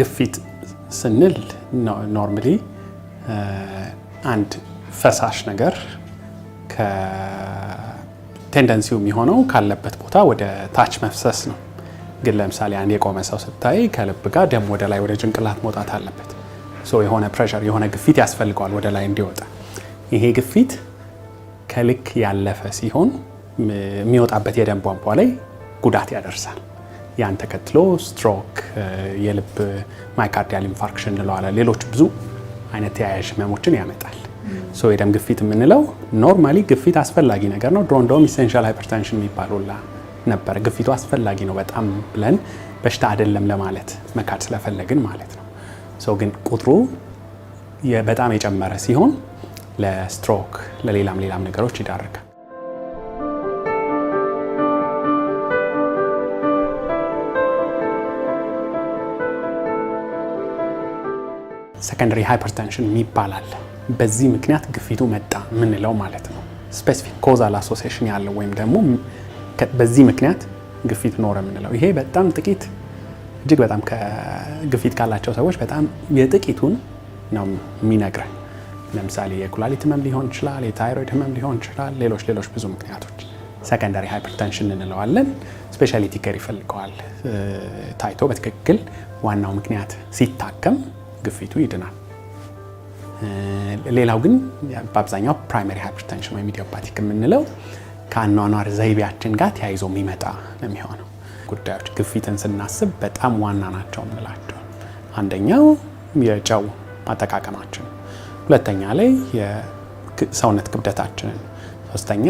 ግፊት ስንል ኖርማሊ አንድ ፈሳሽ ነገር ቴንደንሲው የሚሆነው ካለበት ቦታ ወደ ታች መፍሰስ ነው። ግን ለምሳሌ አንድ የቆመ ሰው ስታይ ከልብ ጋር ደም ወደ ላይ ወደ ጭንቅላት መውጣት አለበት። የሆነ ፕሬሸር የሆነ ግፊት ያስፈልገዋል ወደ ላይ እንዲወጣ። ይሄ ግፊት ከልክ ያለፈ ሲሆን የሚወጣበት የደም ቧንቧ ላይ ጉዳት ያደርሳል። ያን ተከትሎ ስትሮክ፣ የልብ ማይካርዲያል ኢንፋርክሽን እንለዋለን። ሌሎች ብዙ አይነት ተያያዥ ህመሞችን ያመጣል። ሶ የደም ግፊት የምንለው ኖርማሊ ግፊት አስፈላጊ ነገር ነው። ድሮ እንደውም ኢሴንሻል ሃይፐርቴንሽን የሚባሉላ ነበር። ግፊቱ አስፈላጊ ነው በጣም ብለን በሽታ አይደለም ለማለት መካድ ስለፈለግን ማለት ነው። ሰው ግን ቁጥሩ በጣም የጨመረ ሲሆን ለስትሮክ ለሌላም ሌላም ነገሮች ይዳርጋል። ሰከንደሪ ሃይፐርቴንሽን ይባላል በዚህ ምክንያት ግፊቱ መጣ ምንለው ማለት ነው። ስፔሲፊክ ኮዛል አሶሲሽን ያለው ወይም ደግሞ በዚህ ምክንያት ግፊት ኖረ ምንለው ይሄ በጣም ጥቂት እጅግ በጣም ግፊት ካላቸው ሰዎች በጣም የጥቂቱን ነው የሚነግረን። ለምሳሌ የኩላሊት ህመም ሊሆን ይችላል፣ የታይሮይድ ህመም ሊሆን ይችላል፣ ሌሎች ሌሎች ብዙ ምክንያቶች ሰከንደሪ ሃይፐርቴንሽን እንለዋለን። ስፔሻሊቲ ኬር ይፈልገዋል። ታይቶ በትክክል ዋናው ምክንያት ሲታከም ግፊቱ ይድናል። ሌላው ግን በአብዛኛው ፕራይመሪ ሃይፐርቴንሽን ወይም ኢዲዮፓቲክ የምንለው ከአኗኗር ዘይቤያችን ጋር ተያይዞ የሚመጣ የሚሆነው። ጉዳዮች ግፊትን ስናስብ በጣም ዋና ናቸው የምንላቸው አንደኛው የጨው አጠቃቀማችን፣ ሁለተኛ ላይ የሰውነት ክብደታችንን፣ ሶስተኛ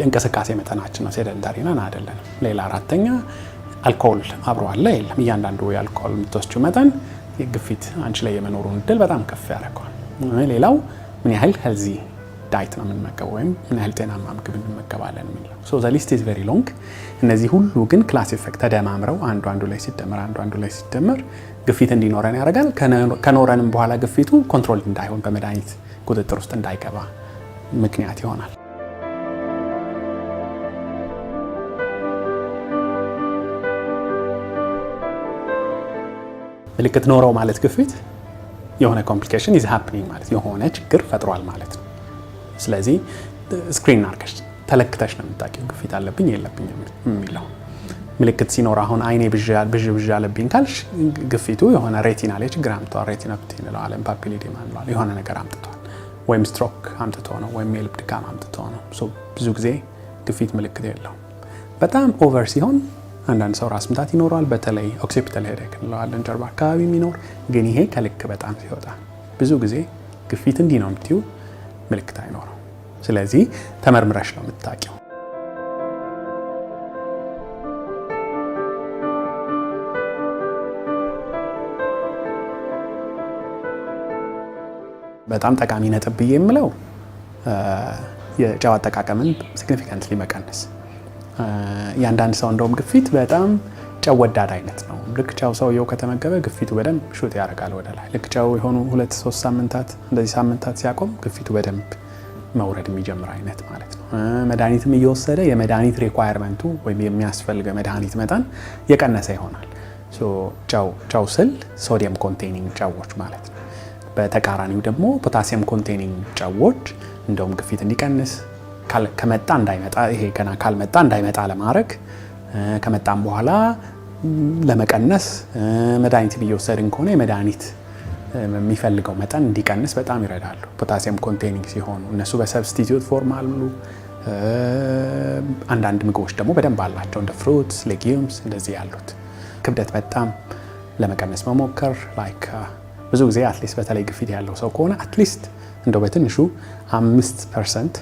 የእንቅስቃሴ መጠናችን ነው። ሴደንታሪ ነን አይደለንም። ሌላ አራተኛ አልኮል አብሮ አለ የለም። እያንዳንዱ የአልኮል የምትወስጂው መጠን ግፊት አንቺ ላይ የመኖሩን እድል በጣም ከፍ ያደርገዋል። ሌላው ምን ያህል ሄልዚ ዳይት ነው የምንመገበው ወይም ምን ያህል ጤናማ ምግብ እንመገባለን የሚለው ሶ ዘ ሊስት ኢዝ ቬሪ ሎንግ። እነዚህ ሁሉ ግን ክላስ ኢፌክት ተደማምረው አንዱ አንዱ ላይ ሲደመር አንዱ አንዱ ላይ ሲደመር ግፊት እንዲኖረን ያደርጋል። ከኖረንም በኋላ ግፊቱ ኮንትሮል እንዳይሆን በመድኃኒት ቁጥጥር ውስጥ እንዳይገባ ምክንያት ይሆናል። ምልክት ኖረው ማለት ግፊት የሆነ ኮምፕሊኬሽን ኢዝ ሃፕኒንግ ማለት የሆነ ችግር ፈጥሯል ማለት ነው። ስለዚህ ስክሪን አርከሽ ተለክተሽ ነው የምታውቂው ግፊት አለብኝ የለብኝ የሚለው ምልክት ሲኖር አሁን አይኔ ብዥ ብዥ አለብኝ ካልሽ ግፊቱ የሆነ ሬቲና ላይ ችግር አምጥተዋል። ሬቲኖፓቲ እንለዋለን፣ ፓፒሊዴማ እንለዋለን። የሆነ ነገር አምጥቷል ወይም ስትሮክ አምጥቶ ነው ወይም የልብ ድካም አምጥቶ ነው። ብዙ ጊዜ ግፊት ምልክት የለውም። በጣም ኦቨር ሲሆን አንዳንድ ሰው ራስ ምታት ይኖረዋል። በተለይ ኦክሲፒታል ሄደክ እንለዋለን ጀርባ አካባቢ የሚኖር ግን ይሄ ከልክ በጣም ሲወጣ ብዙ ጊዜ ግፊት እንዲህ ነው የምትዩ ምልክት አይኖረው። ስለዚህ ተመርምረሽ ነው የምታውቂው። በጣም ጠቃሚ ነጥብ ብዬ የምለው የጨው አጠቃቀምን ሲግኒፊካንትሊ መቀነስ የአንዳንድ ሰው እንደውም ግፊት በጣም ጨው ወዳድ አይነት ነው። ልክ ጨው ሰውየው ከተመገበ ግፊቱ በደንብ ሹት ያደርጋል ወደ ላይ። ልክ ጨው የሆኑ ሁለት ሶስት ሳምንታት እንደዚህ ሳምንታት ሲያቆም ግፊቱ በደንብ መውረድ የሚጀምር አይነት ማለት ነው። መድኃኒትም እየወሰደ የመድኃኒት ሪኳየርመንቱ ወይም የሚያስፈልገው መድኃኒት መጠን የቀነሰ ይሆናል። ጨው ስል ሶዲየም ኮንቴኒንግ ጨዎች ማለት ነው። በተቃራኒው ደግሞ ፖታሲየም ኮንቴኒንግ ጨዎች እንደውም ግፊት እንዲቀንስ ከመጣ እንዳይመጣ ይሄ ገና ካልመጣ እንዳይመጣ ለማድረግ ከመጣም በኋላ ለመቀነስ መድኃኒት እየወሰድን ከሆነ የመድኃኒት የሚፈልገው መጠን እንዲቀንስ በጣም ይረዳሉ። ፖታሲየም ኮንቴኒንግ ሲሆኑ እነሱ በሰብስቲትዩት ፎርም አሉ። አንዳንድ ምግቦች ደግሞ በደንብ አላቸው፣ እንደ ፍሩትስ፣ ሌጊዩምስ እንደዚህ ያሉት። ክብደት በጣም ለመቀነስ መሞከር ላይክ ብዙ ጊዜ አትሊስት በተለይ ግፊት ያለው ሰው ከሆነ አትሊስት እንደው በትንሹ አምስት ፐርሰንት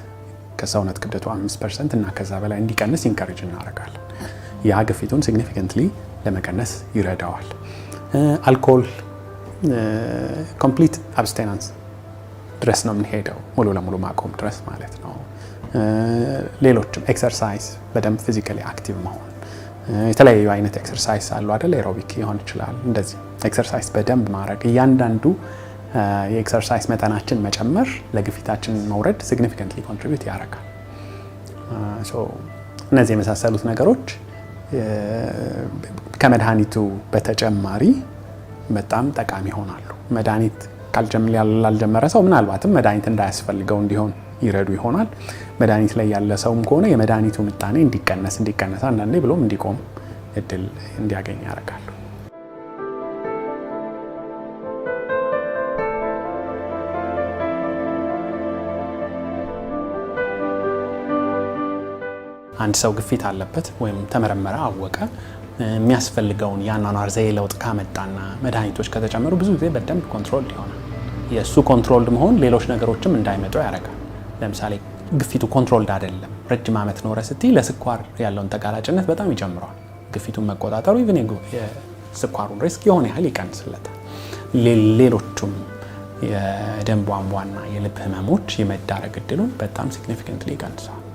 ከሰውነት ክብደቱ አምስት ፐርሰንት እና ከዛ በላይ እንዲቀንስ ኢንካሬጅ እናደርጋለን። ያ ግፊቱን ሲግኒፊካንትሊ ለመቀነስ ይረዳዋል። አልኮል ኮምፕሊት አብስቴናንስ ድረስ ነው የምንሄደው፣ ሙሉ ለሙሉ ማቆም ድረስ ማለት ነው። ሌሎችም ኤክሰርሳይዝ በደንብ ፊዚካሊ አክቲቭ መሆን የተለያዩ አይነት ኤክሰርሳይዝ አሉ አይደል? ኤሮቢክ ሊሆን ይችላል። እንደዚህ ኤክሰርሳይዝ በደንብ ማድረግ እያንዳንዱ የኤክሰርሳይዝ መጠናችን መጨመር ለግፊታችን መውረድ ሲግኒፊካንትሊ ኮንትሪቢዩት ያደርጋል። እነዚህ የመሳሰሉት ነገሮች ከመድኃኒቱ በተጨማሪ በጣም ጠቃሚ ይሆናሉ። መድኃኒት ላልጀመረ ሰው ምናልባትም መድኃኒት እንዳያስፈልገው እንዲሆን ይረዱ ይሆናል። መድኃኒት ላይ ያለ ሰውም ከሆነ የመድኃኒቱ ምጣኔ እንዲቀነስ እንዲቀነስ አንዳንዴ ብሎም እንዲቆም እድል እንዲያገኝ ያደርጋሉ። አንድ ሰው ግፊት አለበት ወይም ተመረመረ፣ አወቀ የሚያስፈልገውን የአኗኗር ዘዬ ለውጥ ካመጣና መድኃኒቶች ከተጨመሩ ብዙ ጊዜ በደንብ ኮንትሮልድ ይሆናል። የእሱ ኮንትሮልድ መሆን ሌሎች ነገሮችም እንዳይመጡ ያደርጋል። ለምሳሌ ግፊቱ ኮንትሮልድ አይደለም፣ ረጅም ዓመት ኖረ ስቲ ለስኳር ያለውን ተጋላጭነት በጣም ይጨምረዋል። ግፊቱን መቆጣጠሩ ኢቭን የስኳሩን ሪስክ የሆነ ያህል ይቀንስለታል። ሌሎቹም የደም ቧንቧና የልብ ህመሞች የመዳረግ እድሉን በጣም ሲግኒፊካንትሊ ይቀንሰዋል።